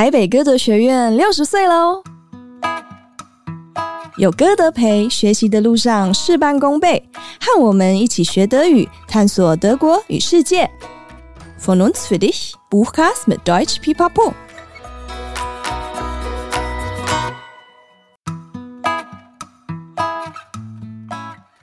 台北歌德學院六十歲嘍！有歌德陪，學習的路上事半功倍。和我們一起學德語，探索德國與世界。Von uns für dich, Buchcast mit Deutsch Pipapo。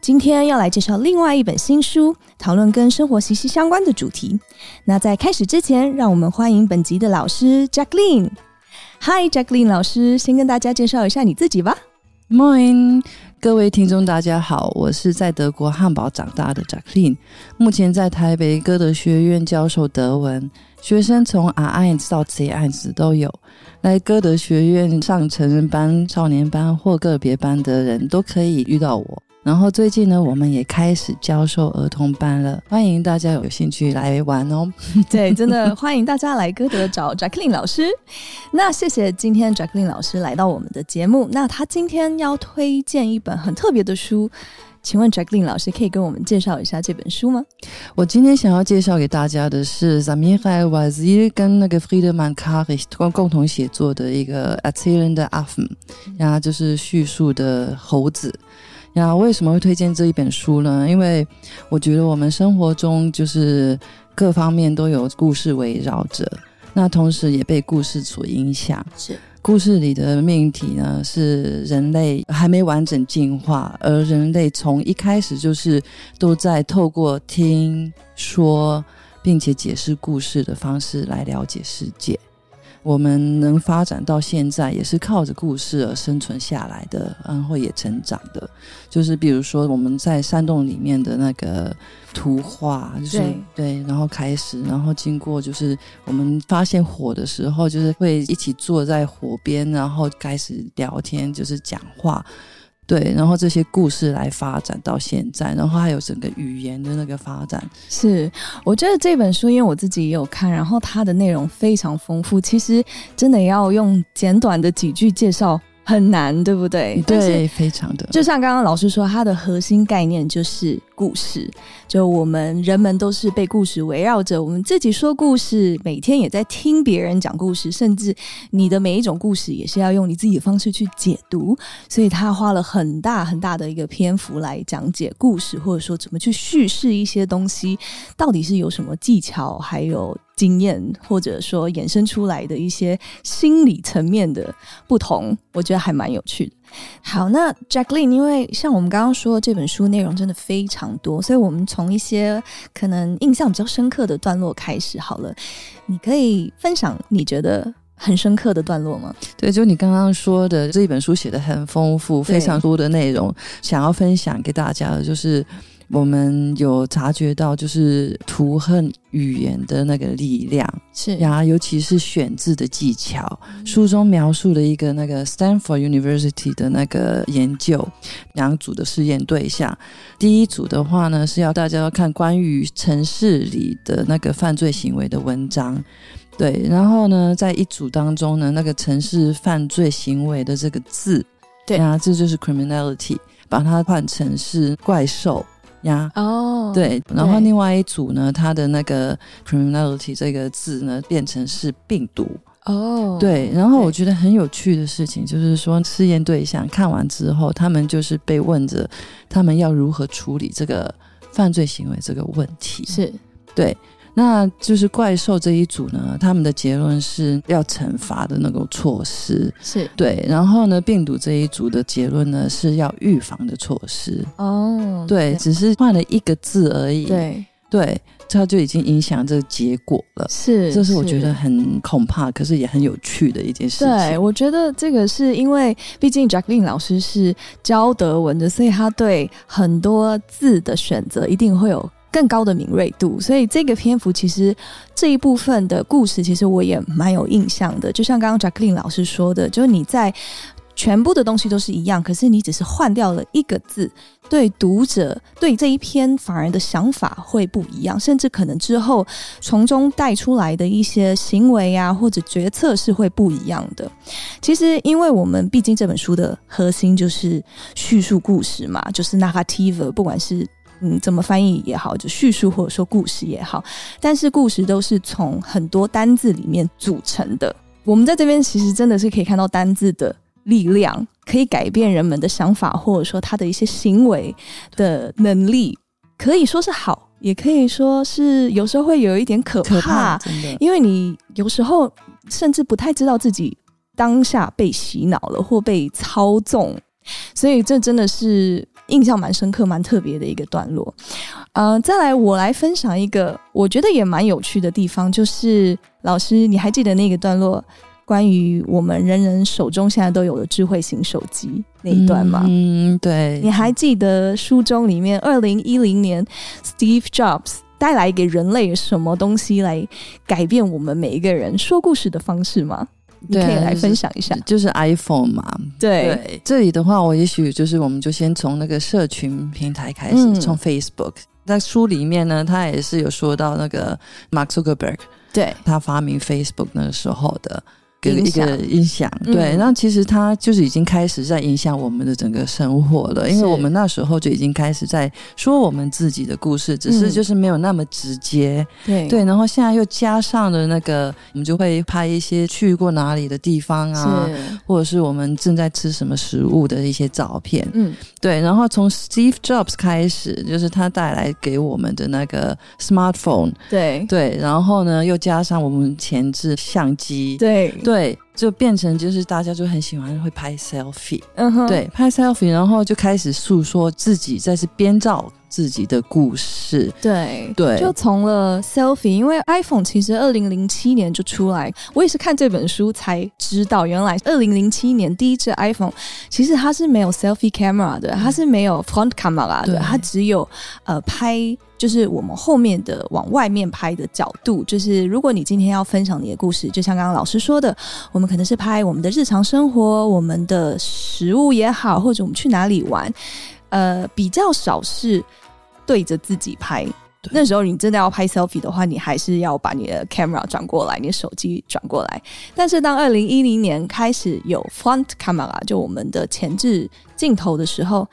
今天要來介紹另外一本新書，討論跟生活息息相關的主題。那在開始之前，讓我們歡迎本集的老師 Jacqueline。Hi Jacqueline 老師，先跟大家介紹一下你自己吧。Moin，各位聽眾大家好，我是在德國漢堡長大的 Jacqueline，目前在台北歌德學院教授德文，學生從 A1 到 C1 都有。來歌德學院上成人班、少年班或個別班的人都可以遇到我。然後最近呢，我們也開始教授兒童班了，歡迎大家有興趣來玩哦。 對，真的歡迎大家來歌德找 Jacqueline 老師。 那謝謝今天 Jacqueline 老師來到我們的節目。那他今天要推薦一本很特別的書，請問 Jacqueline 老師可以跟我們介紹一下這本書嗎？我今天想要介紹給大家的是 Samira El Ouassil 跟那個 Friedemann Karig 共同寫作的一個《Erzählende Affen》，然後就是敘述的猴子。呀、啊，為什麼會推薦這一本書呢？因為我覺得我們生活中就是各方面都有故事圍繞着，那同時也被故事所影響。是，故事裡的命題呢，是人類還沒完整進化，而人類從一開始就是都在透過聽、說並且解釋故事的方式來了解世界。我們能發展到現在，也是靠着故事而生存下來的，然後也成長的。就是比如說，我們在山洞裡面的那個圖畫，就是對，對，然後開始，然後經過，就是我們發現火的時候，就是會一起坐在火邊，然後開始聊天，就是講話。對，然後這些故事來發展到現在，然後還有整個語言的那個發展。是，我覺得這本書，因為我自己也有看，然後它的內容非常豐富，其實真的要用簡短的幾句介紹。很難，對不對？對，是非常的。就像剛剛老師說，它的核心概念就是故事。就我們人們都是被故事圍繞着，我們自己說故事，每天也在聽別人講故事，甚至你的每一種故事也是要用你自己的方式去解讀。所以他花了很大很大的一個篇幅來講解故事，或者說怎麼去敘事一些東西，到底是有什麼技巧，還有。經驗，或者說衍生出來的一些心理層面的不同，我覺得還蠻有趣的。好，那 Jacqueline 因為像我們剛剛說，這本書內容真的非常多，所以我們從一些可能印象比較深刻的段落開始好了。你可以分享你覺得很深刻的段落嗎？對，就你剛剛說的，這本書寫的很豐富，對非常多的內容，想要分享給大家的就是。我們有察覺到，就是圖恨語言的那個力量，是啊，尤其是選字的技巧。嗯、書中描述了一個那個 Stanford University 的那個研究，兩組的試驗對象，第一組的話呢是要大家要看關於城市裡的那個犯罪行為的文章，對，然後呢，在一組當中呢，那個城市犯罪行為的這個字，對啊，這就是 criminality，把它換成是怪獸。呀哦，yeah, oh, 對，然後另外一組呢，他的那個 criminality 這個字呢，變成是病毒哦，oh, 對，然後我覺得很有趣的事情就是說，試驗對，對象看完之後，他們就是被問着他們要如何處理這個犯罪行為這個問題，是對。那就是怪獸這一組呢，他們的結論是要懲罰的那個措施，是對。然後呢，病毒這一組的結論呢，是要預防的措施。哦，對，對只是換了一個字而已。對對，他就已經影響這個結果了。是，是這是我覺得很恐怕，可是也很有趣的一件事情。對，我覺得這個是因為，畢竟 Jacqueline 老師是教德文的，所以他對很多字的選擇一定會有。更高的敏銳度，所以這個篇幅，其實這一部分的故事，其實我也蠻有印象的。就像剛剛 Jacqueline 老師說的，就是你在全部的東西都是一樣，可是你只是換掉了一個字，對讀者對這一篇反而的想法會不一樣，甚至可能之後從中帶出來的一些行為啊，或者決策是會不一樣的。其實，因為我們畢竟這本書的核心就是敘述故事嘛，就是 Narrative，不管是。嗯，怎麼翻譯也好，就敘述或者說故事也好，但是故事都是從很多單字裡面組成的。我們在這邊其實真的是可以看到單字的力量，可以改變人們的想法，或者說他的一些行為的能力，對可以說是好，也可以說是有時候會有一點可怕。可怕，真的，因為你有時候甚至不太知道自己當下被洗腦了或被操縱。所以，這真的是印象蠻深刻、蠻特別的一個段落。呃，再來，我來分享一個我覺得也蠻有趣的地方，就是老師，你還記得那個段落，關於我們人人手中現在都有的智慧型手機那一段嗎？嗯，對。你還記得書中裡面二零一零年 Steve Jobs 帶來給人類什麼東西來改變我們每一個人說故事的方式嗎？你可以來分享一下，就是、就是、iPhone 嘛，對,對，這裡的話，我也許就是，我們就先從那個社群平台開始，從 Facebook、嗯。在書裡面呢，他也是有說到那個 Mark Zuckerberg 對，他發明 Facebook 那時候的。一個音響，音響對，嗯、那其實它就是已經開始在影響我們的整個生活了，是因為我們那時候就已經開始在說我們自己的故事，只是就是沒有那麼直接，對、嗯、對。然後現在又加上了那個，我們就會拍一些去過哪裡的地方啊，是或者是我們正在吃什麼食物的一些照片，嗯，對。然後從 Steve Jobs 開始，就是他帶來給我們的那個 smartphone，對對，然後呢又加上我們前置相機，對對。對對。就變成就是大家就很喜歡會拍 selfie，嗯哼，對，拍 selfie，然後就開始訴說自己在是編造自己的故事，對對，對就從了 selfie，因為 iPhone 其實二零零七年就出來，我也是看這本書才知道，原來二零零七年第一支 iPhone 其實它是沒有 selfie camera 的，它是沒有 front camera 的，嗯、對它只有呃拍就是我們後面的往外面拍的角度，就是如果你今天要分享你的故事，就像剛剛老師說的，我。我們可能是拍我們的日常生活，我們的食物也好，或者我們去哪裡玩，呃，比較少是對着自己拍。對那時候你真的要拍 selfie 的話，你還是要把你的 camera 轉過來，你的手機轉過來。但是當二零一零年開始有 front camera 就我們的前置鏡頭的時候，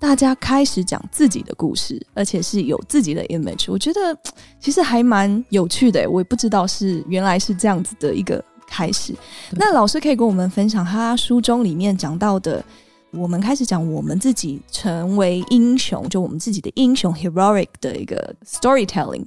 大家開始講自己的故事，而且是有自己的 image。我覺得其實還蠻有趣的欸，我也不知道是原來是這樣子的一個。開始，那老師可以跟我們分享他書中裡面講到的，我們開始講我們自己成為英雄，就我們自己的英雄 heroic 的一個 storytelling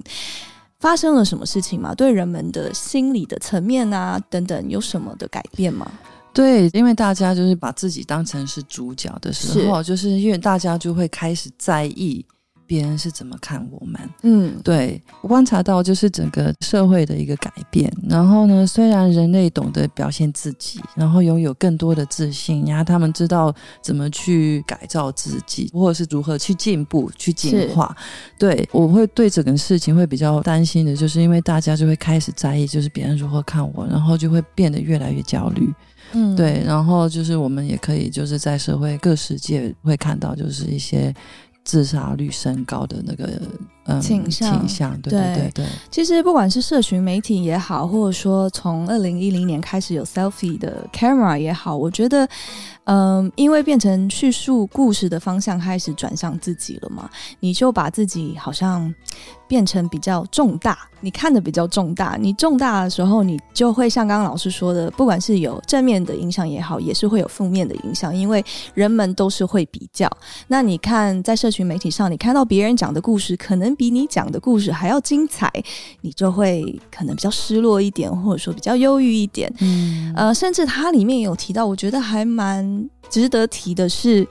發生了什麼事情嗎？對人們的心理的層面啊等等有什麼的改變嗎？對，因為大家就是把自己當成是主角的時候，是就是因為大家就會開始在意。別人是怎麼看我們？嗯，對，觀察到就是整個社會的一個改變。然後呢，雖然人類懂得表現自己，然後擁有更多的自信，然後他們知道怎麼去改造自己，或者是如何去進步、去進化。是對，我會對整個事情會比較擔心的，就是因為大家就會開始在意，就是別人如何看我，然後就會變得越來越焦慮。嗯，對。然後就是我們也可以就是在社會各世界會看到，就是一些。自殺率升高的那個。傾向傾向，對對對對對。其實不管是社群媒體也好，或者說從二零一零年開始有 selfie 的 camera 也好，我覺得，嗯，因為變成敘述故事的方向開始轉向自己了嘛，你就把自己好像變成比較重大，你看的比較重大，你重大的時候，你就會像剛剛老師說的，不管是有正面的影響也好，也是會有負面的影響，因為人們都是會比較。那你看在社群媒體上，你看到別人講的故事，可能。比你講的故事還要精彩，你就會可能比較失落一點，或者說比較憂鬱一點。嗯，呃，甚至它裡面有提到，我覺得還蠻值得提的是，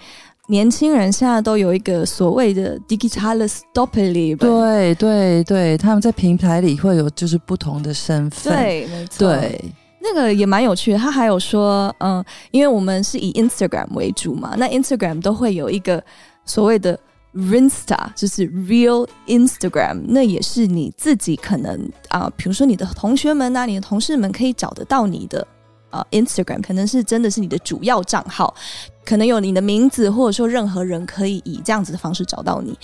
年輕人現在都有一個所謂的 digitales Doppelleben。對對對，他們在平台裡會有就是不同的身份。對，沒錯。對。那個也蠻有趣的。他還有說，嗯，因為我們是以 Instagram 為主嘛，那 Instagram 都會有一個所謂的。Rinsta 就是 Real Instagram，那也是你自己可能啊，呃、比如說你的同學們吶、啊，你的同事們可以找得到你的啊、呃、Instagram，可能是真的是你的主要賬號，可能有你的名字，或者說任何人可以以這樣子的方式找到你。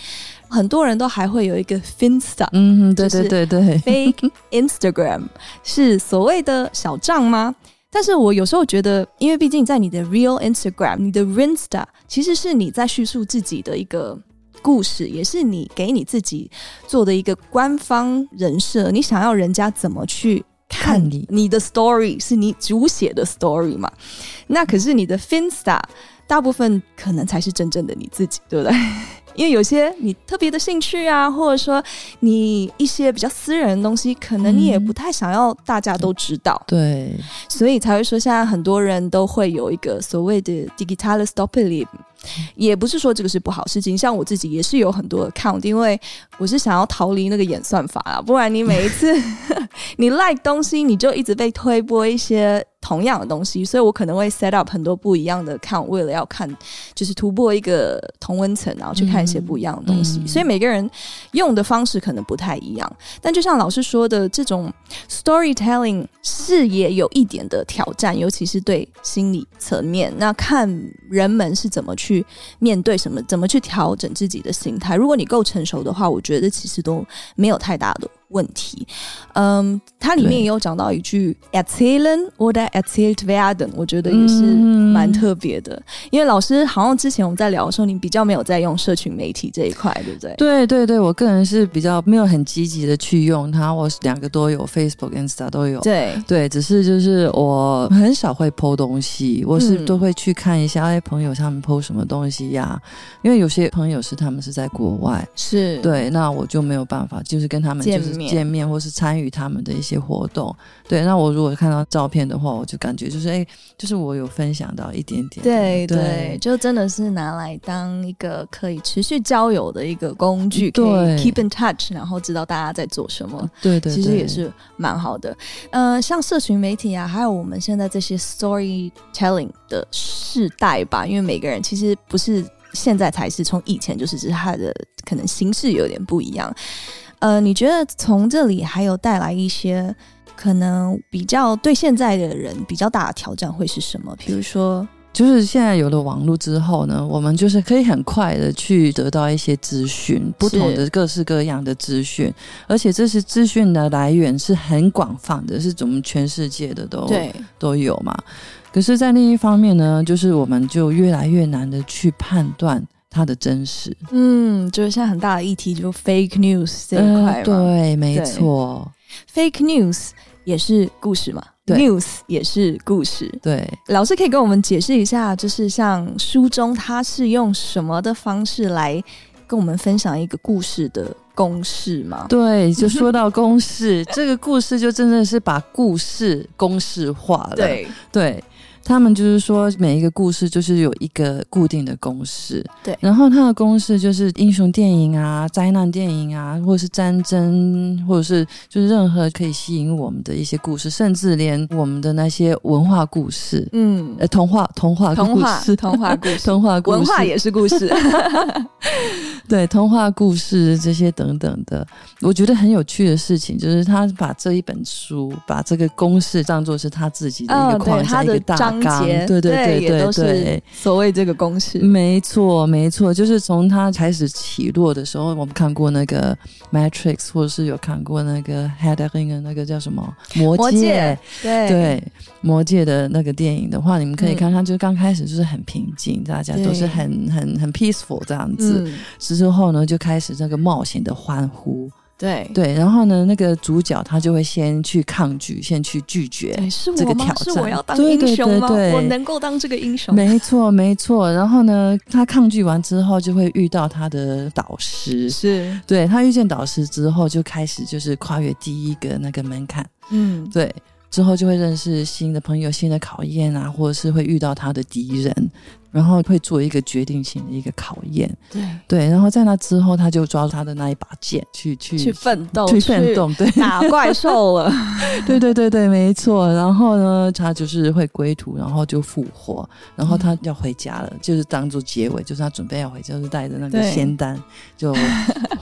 很多人都還會有一個 Finsta，嗯哼，對對對對，Fake Instagram 是所謂的小賬嗎？但是我有時候覺得，因為畢竟在你的 Real Instagram，你的 Rinsta 其實是你在敘述自己的一個。故事也是你給你自己做的一個官方人設，你想要人家怎麼去看你？你的 story 你是你主寫的 story 嘛？那可是你的 Finsta，嗯、大部分可能才是真正的你自己，對不對？因為有些你特別的興趣啊，或者說你一些比較私人的東西，可能你也不太想要大家都知道。嗯、對，所以才會說現在很多人都會有一個所謂的 digital stop 也不是說這個是不好事情，像我自己也是有很多的 account，因為我是想要逃離那個演算法啊，不然你每一次 你 like 東西，你就一直被推播一些同樣的東西，所以我可能會 set up 很多不一樣的 account，為了要看就是突破一個同溫層，然後去看一些不一樣的東西。嗯嗯，所以每個人用的方式可能不太一樣，但就像老師說的，這種 storytelling 是也有一點的挑戰，尤其是對心理層面，那看人們是怎麼去。去面對什麼？怎麼去調整自己的心態。如果你夠成熟的話，我覺得其實都沒有太大的問題，嗯，它裡面也有講到一句 erzählen oder erzählt werden 我覺得也是蠻特別的。嗯、因為老師好像之前我們在聊的時候，你比較沒有在用社群媒體這一塊，對不對？對對對，我個人是比較沒有很積極的去用它。我兩個都有 Facebook、Instagram 都有，對對，只是就是我很少會 PO 東西，我是都會去看一下、嗯、哎，朋友他們 PO 什麼東西呀、啊？因為有些朋友是他們是在國外，是對，那我就沒有辦法，就是跟他們就是。見面或是參與他們的一些活動，對，那我如果看到照片的話，我就感覺就是，哎、欸，就是我有分享到一點點，對對，對就真的是拿來當一個可以持續交友的一個工具，對可以，keep in touch，然後知道大家在做什麼，對，對對，其實也是蠻好的。嗯、呃，像社群媒體啊，還有我們現在這些 storytelling 的世代吧，因為每個人其實不是現在才是，從以前就是，只是他的可能形式有點不一樣。呃，你覺得從這裡還有帶來一些可能比較對現在的人比較大的挑戰會是什麼？比如說，就是現在有了網絡之後呢，我們就是可以很快的去得到一些資訊，是不同的各式各樣的資訊，而且這些資訊的來源是很廣泛的，是怎麼全世界的都對都有嘛。可是，在另一方面呢，就是我們就越來越難的去判斷。它的真實，嗯，就是現在很大的議題，就 fake news 這一塊。呃，對，沒錯，fake news 也是故事嘛對，news 也是故事，對。老師可以跟我們解釋一下，就是像書中，他是用什麼的方式來跟我們分享一個故事的公式嗎？對，就說到公式， 這個故事就真的是把故事公式化了，對。對他們就是說，每一個故事就是有一個固定的公式，對。然後他的公式就是英雄電影啊、災難電影啊，或者是戰爭，或者是就是任何可以吸引我們的一些故事，甚至連我們的那些文化故事，嗯，呃，童話、童話故事、童話故事、童話故事，文化也是故事。 對，童話故事這些等等的，我覺得很有趣的事情就是他把這一本書把這個公式當做是他自己的一個框架、哦、一個大。對對對對對，對所謂這個公式，沒錯沒錯，就是從它開始起落的時候，我們看過那個《Matrix》，或者是有看過那個《Head》n g 的那個叫什麼《魔戒魔戒》？對對，對《魔戒》的那個電影的話，你們可以看看，嗯、就剛開始就是很平靜，大家都是很對很很 peaceful 這樣子，嗯、之後呢就開始那個冒險的歡呼。對對，然後呢，那個主角他就會先去抗拒，先去拒絕，這個挑戰是。是我要當英雄嗎？對對對對。我能夠當這個英雄？沒錯，沒錯。然後呢，他抗拒完之後，就會遇到他的導師。是，對，他遇見導師之後，就開始就是跨越第一個那個門檻。嗯，對。之後就會認識新的朋友、新的考驗啊，或者是會遇到他的敵人，然後會做一個決定性的一個考驗。對對，然後在那之後，他就抓住他的那一把劍，去去去奮鬥，去，去奮鬥，對，打怪獸了。 對對對對，沒錯。然後呢，他就是會歸途，然後就復活，然後他要回家了，嗯、就是當做結尾，就是他準備要回家，就是、帶着那個仙丹對就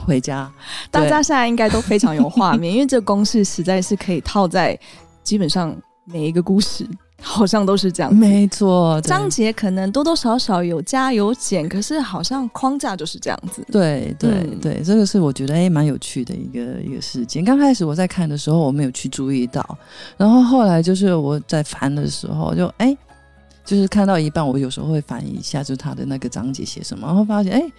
回家。 對大家現在應該都非常有畫面， 因為這個公式實在是可以套在。基本上每一個故事好像都是這樣，沒錯。章節可能多多少少有加有減，可是好像框架就是這樣子。對對、嗯、對，這個是我覺得誒蠻、欸、有趣的一個一個事件。剛開始我在看的時候，我沒有去注意到，然後後來就是我在翻的時候就哎、欸，就是看到一半我有時候會翻一下，就是他的那個章節寫什麼，然後發現哎。欸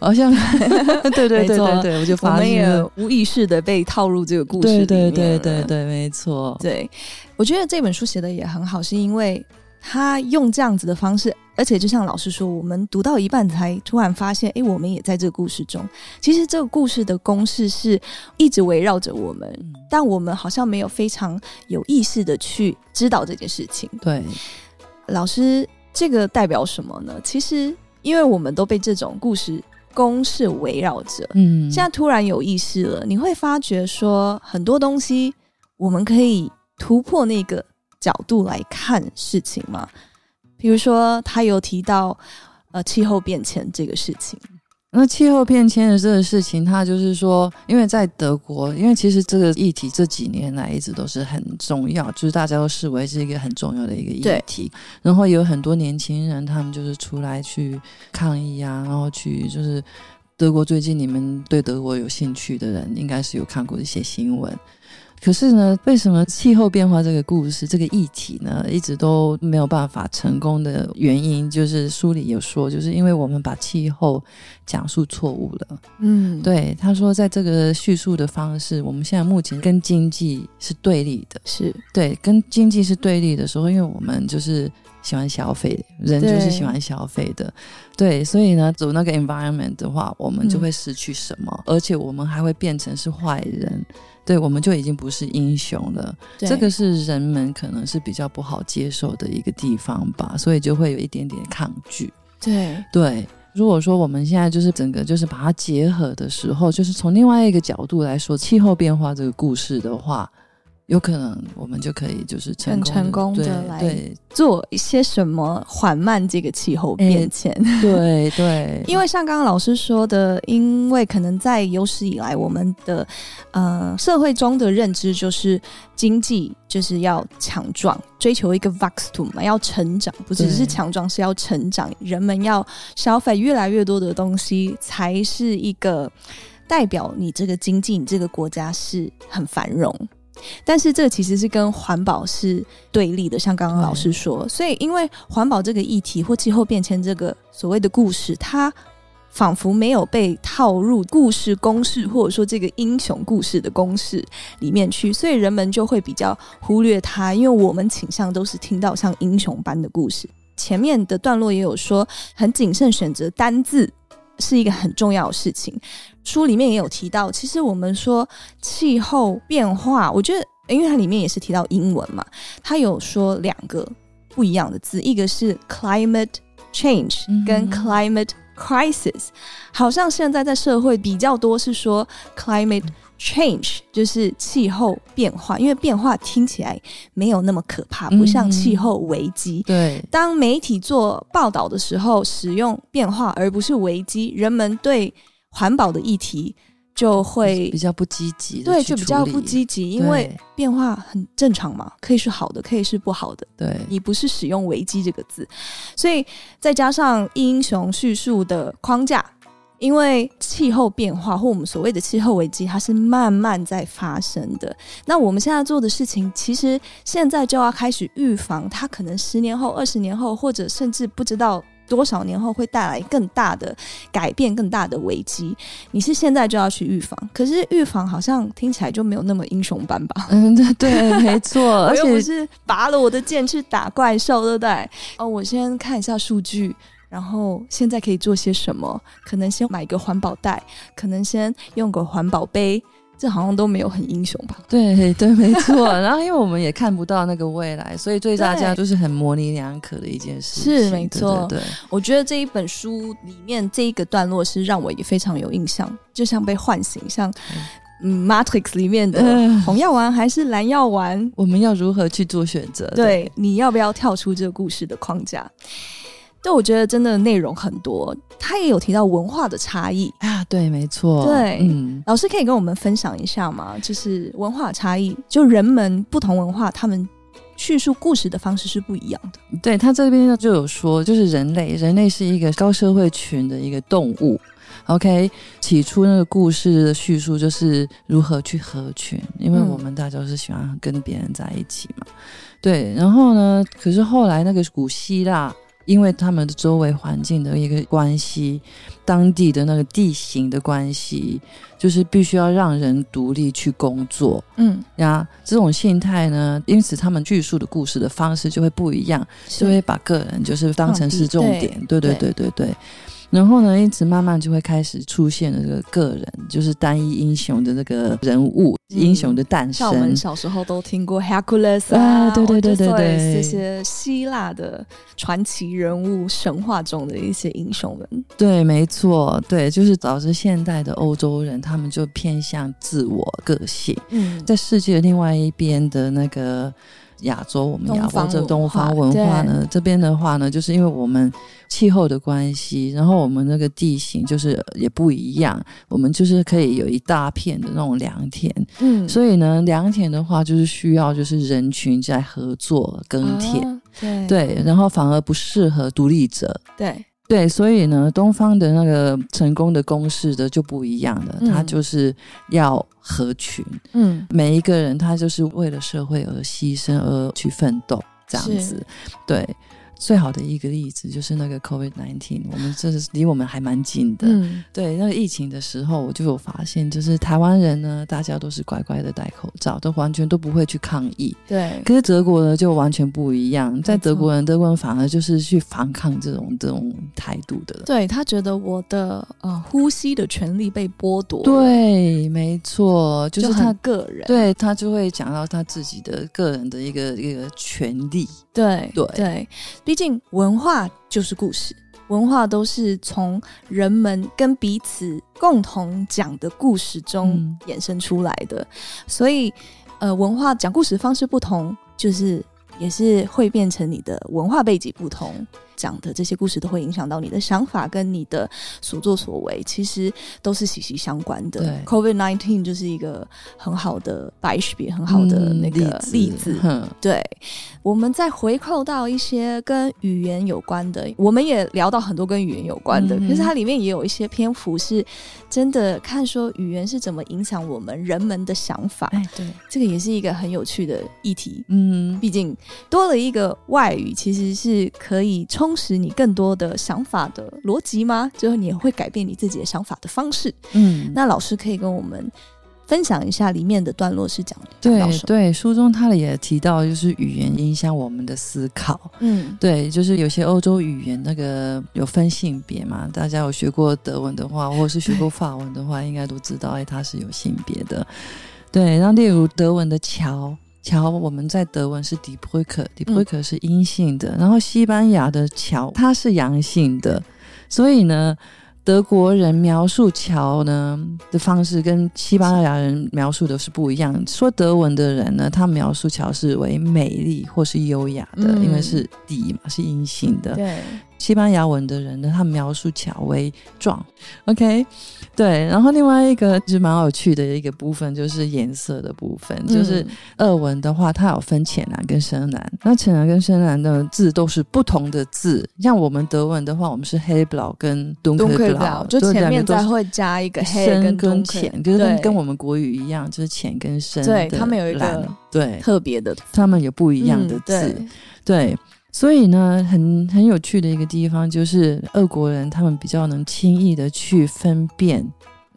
好像 對對對對，我就發現，我們也無意識的被套入這個故事裡面。對對對對對，沒錯。對，我覺得這本書寫的也很好，是因為他用這樣子的方式，而且就像老師說，我們讀到一半才突然發現，哎、欸，我們也在這個故事中。其實這個故事的公式是一直圍繞着我們，嗯、但我們好像沒有非常有意識的去知道這件事情。對，老師，這個代表什麼呢？其實，因為我們都被這種故事。公式圍繞着，嗯，現在突然有意識了，你會發覺說很多東西我們可以突破那個角度來看事情嗎？比如說，他有提到呃氣候變遷這個事情。那氣候變遷的這個事情，它就是說，因為在德國，因為其實這個議題這幾年來一直都是很重要，就是大家都視為是一個很重要的一個議題。對然後有很多年輕人，他們就是出來去抗議啊，然後去就是德國。最近，你們對德國有興趣的人，應該是有看過一些新聞。可是呢，為什麼氣候變化這個故事、這個議題呢，一直都沒有辦法成功的原因，就是書裡有說，就是因為我們把氣候講述錯誤了。嗯，對，他說，在這個敘述的方式，我們現在目前跟經濟是對立的，是對，跟經濟是對立的時候，因為我們就是喜歡消費，人就是喜歡消費的，對，對，所以呢，走那個 environment 的話，我們就會失去什麼，嗯、而且我們還會變成是壞人。對，我們就已經不是英雄了。對這個是人們可能是比較不好接受的一個地方吧，所以就會有一點點抗拒。對對，如果說我們現在就是整個就是把它結合的時候，就是從另外一個角度來說，氣候變化這個故事的話。有可能我們就可以就是成功很成功的來做一些什麼緩慢這個氣候變遷、欸。對對， 因為像剛剛老師說的，因為可能在有史以來我們的呃社會中的認知就是經濟就是要強壯，追求一個 Wachstum 嘛，um, 要成長，不只是強壯，是要成長。對人們要消費越來越多的東西，才是一個代表你這個經濟，你這個國家是很繁榮。但是，這其實是跟環保是對立的，像剛剛老師說，對所以因為環保這個議題或氣候變遷這個所謂的故事，它仿佛沒有被套入故事公式，或者說這個英雄故事的公式裡面去，所以人們就會比較忽略它。因為我們傾向都是聽到像英雄般的故事。前面的段落也有說，很謹慎選擇單字是一個很重要的事情。書裡面也有提到，其實我們說氣候變化，我覺得因為它裡面也是提到英文嘛，它有說兩個不一樣的字，一個是 climate change，跟 climate crisis，嗯哼，好像現在在社會比較多是說 climate change，就是氣候變化，因為變化聽起來沒有那麼可怕，不像氣候危機。對，嗯哼，當媒體做報道的時候，使用變化而不是危機，人們對環保的議題就會比較不積極，對，就比較不積極，因為變化很正常嘛，可以是好的，可以是不好的。對，你不是使用“危機”這個字，所以再加上英雄敘述的框架，因為氣候變化或我們所謂的氣候危機，它是慢慢在發生的。那我們現在做的事情，其實現在就要開始預防，它可能十年後、二十年後，或者甚至不知道。多少年後會帶來更大的改變、更大的危機？你是現在就要去預防，可是預防好像聽起來就沒有那麼英雄般吧？嗯，對，沒錯。 而且我又不是拔了我的劍去打怪獸，對不對？哦，我先看一下數據，然後現在可以做些什麼？可能先買個環保袋，可能先用個環保杯。這好像都沒有很英雄吧？對對，沒錯。 然後因為我們也看不到那個未來，所以對大家就是很模棱兩可的一件事情對。是沒錯，對、對、對。我覺得這一本書裡面這一個段落是讓我也非常有印象，就像被喚醒，像《對嗯、Matrix》裡面的、呃、紅藥丸還是藍藥丸，我們要如何去做選擇？對、對，你要不要跳出這個故事的框架？對，我覺得真的內容很多，他也有提到文化的差異啊、哎。對，沒錯。對，嗯，老師可以跟我們分享一下嗎？就是文化差異，就人們不同文化，他們敘述故事的方式是不一樣的。對，他這邊就有說，就是人類，人類是一個高社會群的一個動物。OK，起初那個故事的敘述就是如何去合群，因為我們大家都是喜歡跟別人在一起嘛。嗯、對，然後呢，可是後來那個古希臘。因為他們的周圍環境的一個關係，當地的那個地形的關係，就是必須要讓人獨立去工作。嗯，呀、啊，這種心態呢，因此他們敘述的故事的方式就會不一樣，是就會把個人就是當成是重點。對對對對對。對對對。然後呢，一直慢慢就會開始出現了這個個人，就是單一英雄的這個人物、嗯、英雄的誕生。像我們小時候都聽過 Hercules 啊，對對對對對，對，哦、這些希臘的傳奇人物、神話中的一些英雄們。對，沒錯，對，就是導致現代的歐洲人他們就偏向自我個性。嗯，在世界另外一邊的那個。亞洲，我們亞洲這東方文化呢，東方文化，對，這邊的話呢，就是因為我們氣候的關係，然後我們那個地形就是也不一樣，我們就是可以有一大片的那種良田，嗯，所以呢，良田的話就是需要就是人群在合作耕田，哦，對，對，然後反而不適合獨立者，對。對，所以呢，東方的那個成功的公式的就不一樣了，他、嗯、就是要合群，嗯，每一個人他就是為了社會而犧牲而去奮鬥，這樣子，是對。最好的一個例子就是那個 COVID nineteen，我們這是離我們還蠻近的。嗯、對，那個疫情的時候，我就有發現，就是台灣人呢，大家都是乖乖的戴口罩，都完全都不會去抗議。對。可是德國呢，就完全不一樣。在德國人，沒錯。德國人反而就是去反抗這種這種態度的。對他覺得我的呃呼吸的權利被剝奪。對，沒錯，就是他就個人。對他就會講到他自己的個人的一個一個權利。對對對。對畢竟，文化就是故事，文化都是從人們跟彼此共同講的故事中衍生出來的，嗯、所以，呃，文化講故事的方式不同，就是。也是會變成你的文化背景不同，講、嗯、的這些故事都會影響到你的想法跟你的所作所為，其實都是息息相關的。對 COVID-19 就是一個很好的 Beispiel，很好的那個例子。對，我們再回扣到一些跟語言有關的，我們也聊到很多跟語言有關的，嗯嗯，可是它裡面也有一些篇幅是真的看說語言是怎麼影響我們人們的想法。哎，對，這個也是一個很有趣的議題。嗯，嗯，畢竟。多了一個外語，其實是可以充實你更多的想法的邏輯嗎？最後你也會改變你自己的想法的方式。嗯，那老師可以跟我們分享一下裡面的段落是講的。對對，書中它也提到，就是語言影響我們的思考。嗯，對，就是有些歐洲語言那個有分性別嘛。大家有學過德文的話，或者是學過法文的話，對應該都知道，哎，它是有性別的。對，那例如德文的橋。橋，我們在德文是 die Brücke，die Brücke 是陰性的。嗯、然後西班牙的橋，它是陽性的。嗯、所以呢，德國人描述橋呢的方式跟西班牙人描述的是不一樣。說德文的人呢，他描述橋是為美麗或是優雅的，嗯、因為是 “die” 嘛，是陰性的。對。西班牙文的人呢，他描述橋為壯。OK，對。然後另外一個就是蠻有趣的一個部分，就是顏色的部分。嗯、就是俄文的話，它有分淺藍跟深藍。那淺藍跟深藍的字都是不同的字。像我們德文的話，我們是 hellblau 跟 dunkelblau 就前面再會加一個黑跟，跟淺，對就跟跟我們國語一樣，就是淺跟深。對，他們有一個對特別的，他們有不一樣的字，嗯、對。對所以呢，很很有趣的一個地方就是俄國人，他們比較能輕易的去分辨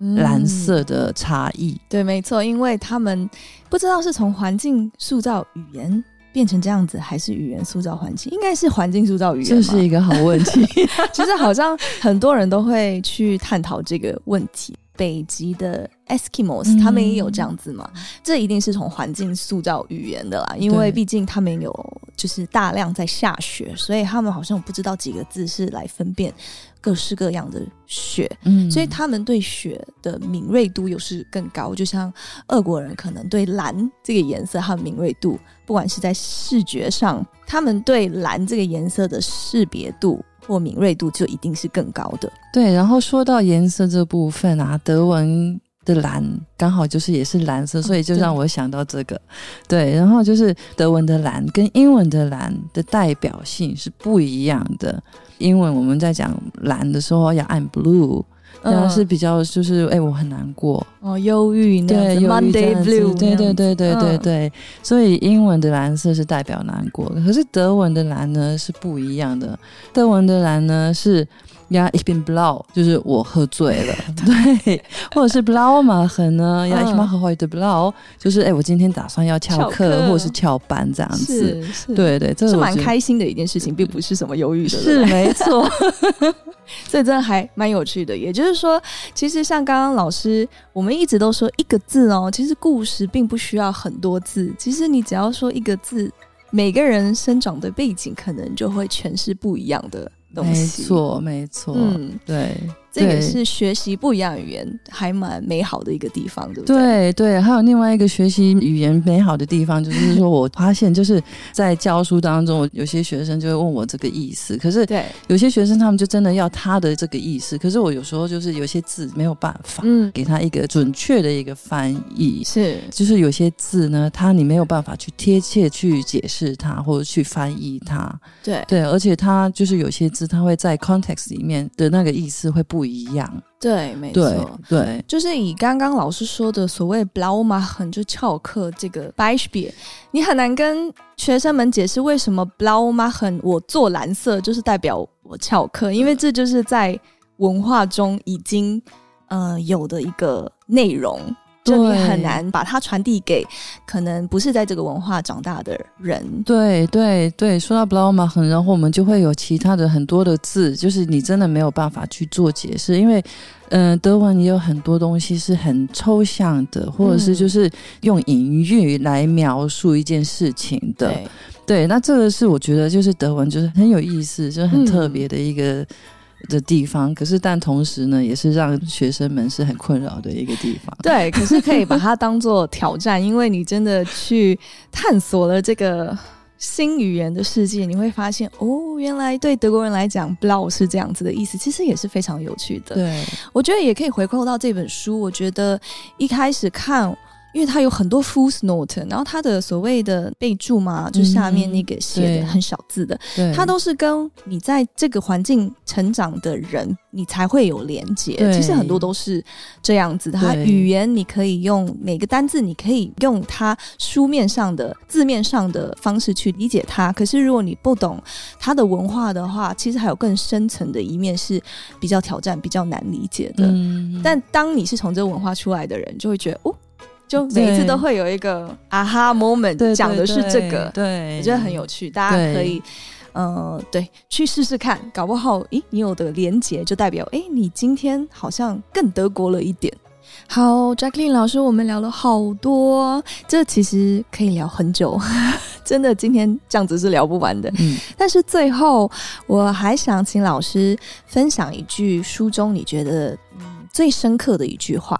藍色的差異。嗯。對，沒錯，因為他們不知道是從環境塑造語言變成這樣子，還是語言塑造環境，應該是環境塑造語言。這是一個好問題，其實 好像很多人都會去探討這個問題。北極的 Eskimos，他們也有這樣子嘛？嗯、這一定是從環境塑造語言的啦，因為畢竟他們有就是大量在下雪，所以他們好像不知道幾個字是來分辨各式各樣的雪。嗯，所以他們對雪的敏銳度又是更高。就像俄國人可能對藍這個顏色，還有敏銳度，不管是在視覺上，他們對藍這個顏色的識別度，或敏銳度就一定是更高的。對，然後說到顏色這部分啊，德文的藍剛好就是也是藍色，哦，所以就讓我想到這個。對，然後就是德文的藍跟英文的藍的代表性是不一樣的。英文我們在講藍的時候要按 blue。然後、嗯嗯、是比較，就是哎、欸，我很難過，憂鬱、哦、對 Monday Blue，對對對對對對，嗯、所以英文的藍色是代表難過的，可是德文的藍呢是不一樣的，德文的藍呢是。呀，even blow，就是我喝醉了， 對，或者是 blow 馬很呢？呀，什麼和好的 blow，就是哎、欸，我今天打算要翹課或者是翹班這樣子，對對，這個、是蠻開心的一件事情， 並不是什麼憂鬱是，沒錯，這 真的還蠻有趣的。也就是說，其實像剛剛老師，我們一直都說一個字哦，其實故事並不需要很多字，其實你只要說一個字，每個人生長的背景可能就會全是不一樣的。沒錯，沒錯，嗯，對。這個是學習不一樣語言對還蠻美好的一個地方，對不對？對對，還有另外一個學習語言美好的地方，就是說我發現就是在教書當中， 有些學生就會問我這個意思，可是對有些學生他們就真的要他的這個意思，可是我有時候就是有些字沒有辦法，嗯，給他一個準確的一個翻譯是，嗯、就是有些字呢，他你沒有辦法去貼切去解釋它或者去翻譯它，對對，而且他就是有些字，他會在 context 裡面的那個意思會不。不一樣，對，沒錯，對，對，就是以剛剛老師說的所謂 blau machen 就翹課這個 Beispiel，對你很難跟學生們解釋為什麼 blau machen 我做藍色就是代表我翹課，對因為這就是在文化中已經呃有的一個內容。就你很難把它傳遞給對可能不是在這個文化長大的人。對對對，說到布拉很然後我們就會有其他的很多的字，就是你真的沒有辦法去做解釋，因為，嗯、呃，德文也有很多東西是很抽象的，或者是就是用隱喻來描述一件事情的。嗯、對，對，那這個是我覺得就是德文就是很有意思，就是很特別的一個。嗯的地方，可是但同時呢，也是讓學生們是很困擾的一個地方。對，可是可以把它當做挑戰， 因為你真的去探索了這個新語言的世界，你會發現，哦，原來對德國人來講，Blau 是這樣子的意思，其實也是非常有趣的。對，我覺得也可以回扣到這本書。我覺得一開始看。因為它有很多 Fußnoten，然後它的所謂的備註嘛，嗯、就下面那個寫的很少字的，對它都是跟你在這個環境成長的人，你才會有連接。對其實很多都是這樣子的，它語言你可以用每個單字，你可以用它書面上的字面上的方式去理解它。可是如果你不懂它的文化的話，其實還有更深層的一面是比較挑戰、比較難理解的。嗯、但當你是從這個文化出來的人，就會覺得哦。就每一次都會有一個啊哈 moment，講的是這個，對,對,對，我覺得很有趣，對大家可以，對呃，對，去試試看，搞不好，哎、欸，你有的連接就代表，哎、欸，你今天好像更德國了一點。好，Jacqueline 老師，我們聊了好多，這其實可以聊很久， 真的，今天這樣子是聊不完的。嗯，但是最後我還想請老師分享一句書中你覺得最深刻的一句話。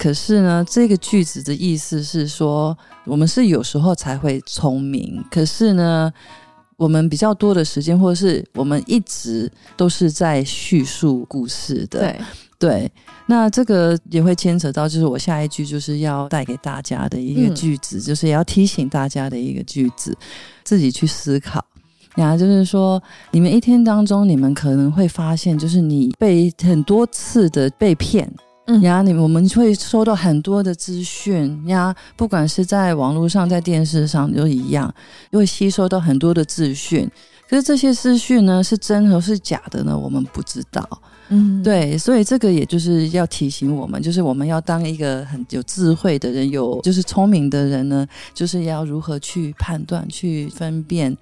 可是呢，這個句子的意思是說，我們是有時候才會聰明。可是呢，我們比較多的時間，或者是我們一直都是在敘述故事的。對，對，那這個也會牽扯到，就是我下一句就是要帶給大家的一個句子，嗯、就是也要提醒大家的一個句子，自己去思考。然後就是說，你們一天當中，你們可能會發現，就是你被很多次的被騙。嗯、呀，你我們會收到很多的資訊，呀，不管是在網絡上，在電視上都一樣，就會吸收到很多的資訊。可是這些資訊呢，是真還是假的呢？我們不知道。嗯，對，所以這個也就是要提醒我們，就是我們要當一個很有智慧的人，有就是聰明的人呢，就是要如何去判斷、去分辨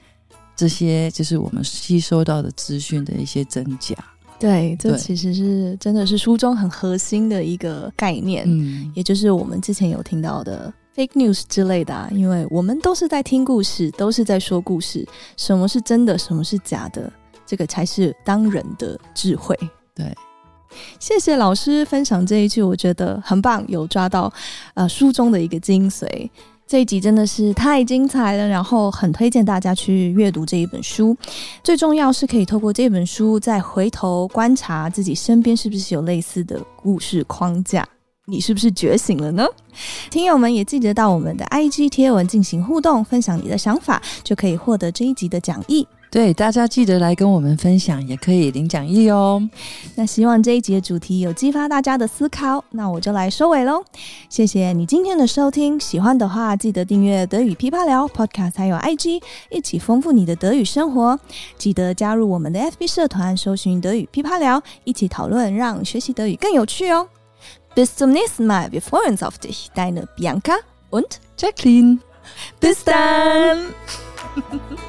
這些，就是我們吸收到的資訊的一些真假。對，這其實是對真的是書中很核心的一個概念，嗯，也就是我們之前有聽到的 fake news 之類的啊，因為我們都是在聽故事，都是在說故事，什麼是真的，什麼是假的，這個才是當人的智慧。對，謝謝老師分享這一句，我覺得很棒，有抓到啊、呃，書中的一個精髓。這一集真的是太精彩了，然後很推薦大家去閱讀這一本書。最重要是，可以透過這一本書再回頭觀察自己身邊是不是有類似的故事框架，你是不是覺醒了呢？聽友們也記得到我們的 IG 貼文進行互動，分享你的想法，就可以獲得這一集的講義。對，大家記得來跟我們分享，也可以領講義哦。那希望這一集的主題有激發大家的思考，那我就來收尾嘍。謝謝你今天的收聽，喜歡的話記得訂閱德語劈啪聊 Podcast，還有 IG，一起豐富你的德語生活。記得加入我們的 FB 社團，搜尋德語劈啪，啪聊，一起討論，讓學習德語更有趣哦。Bis zum nächsten Mal, wir freuen uns auf dich, deine Bianca und Jacqueline. Bis dann.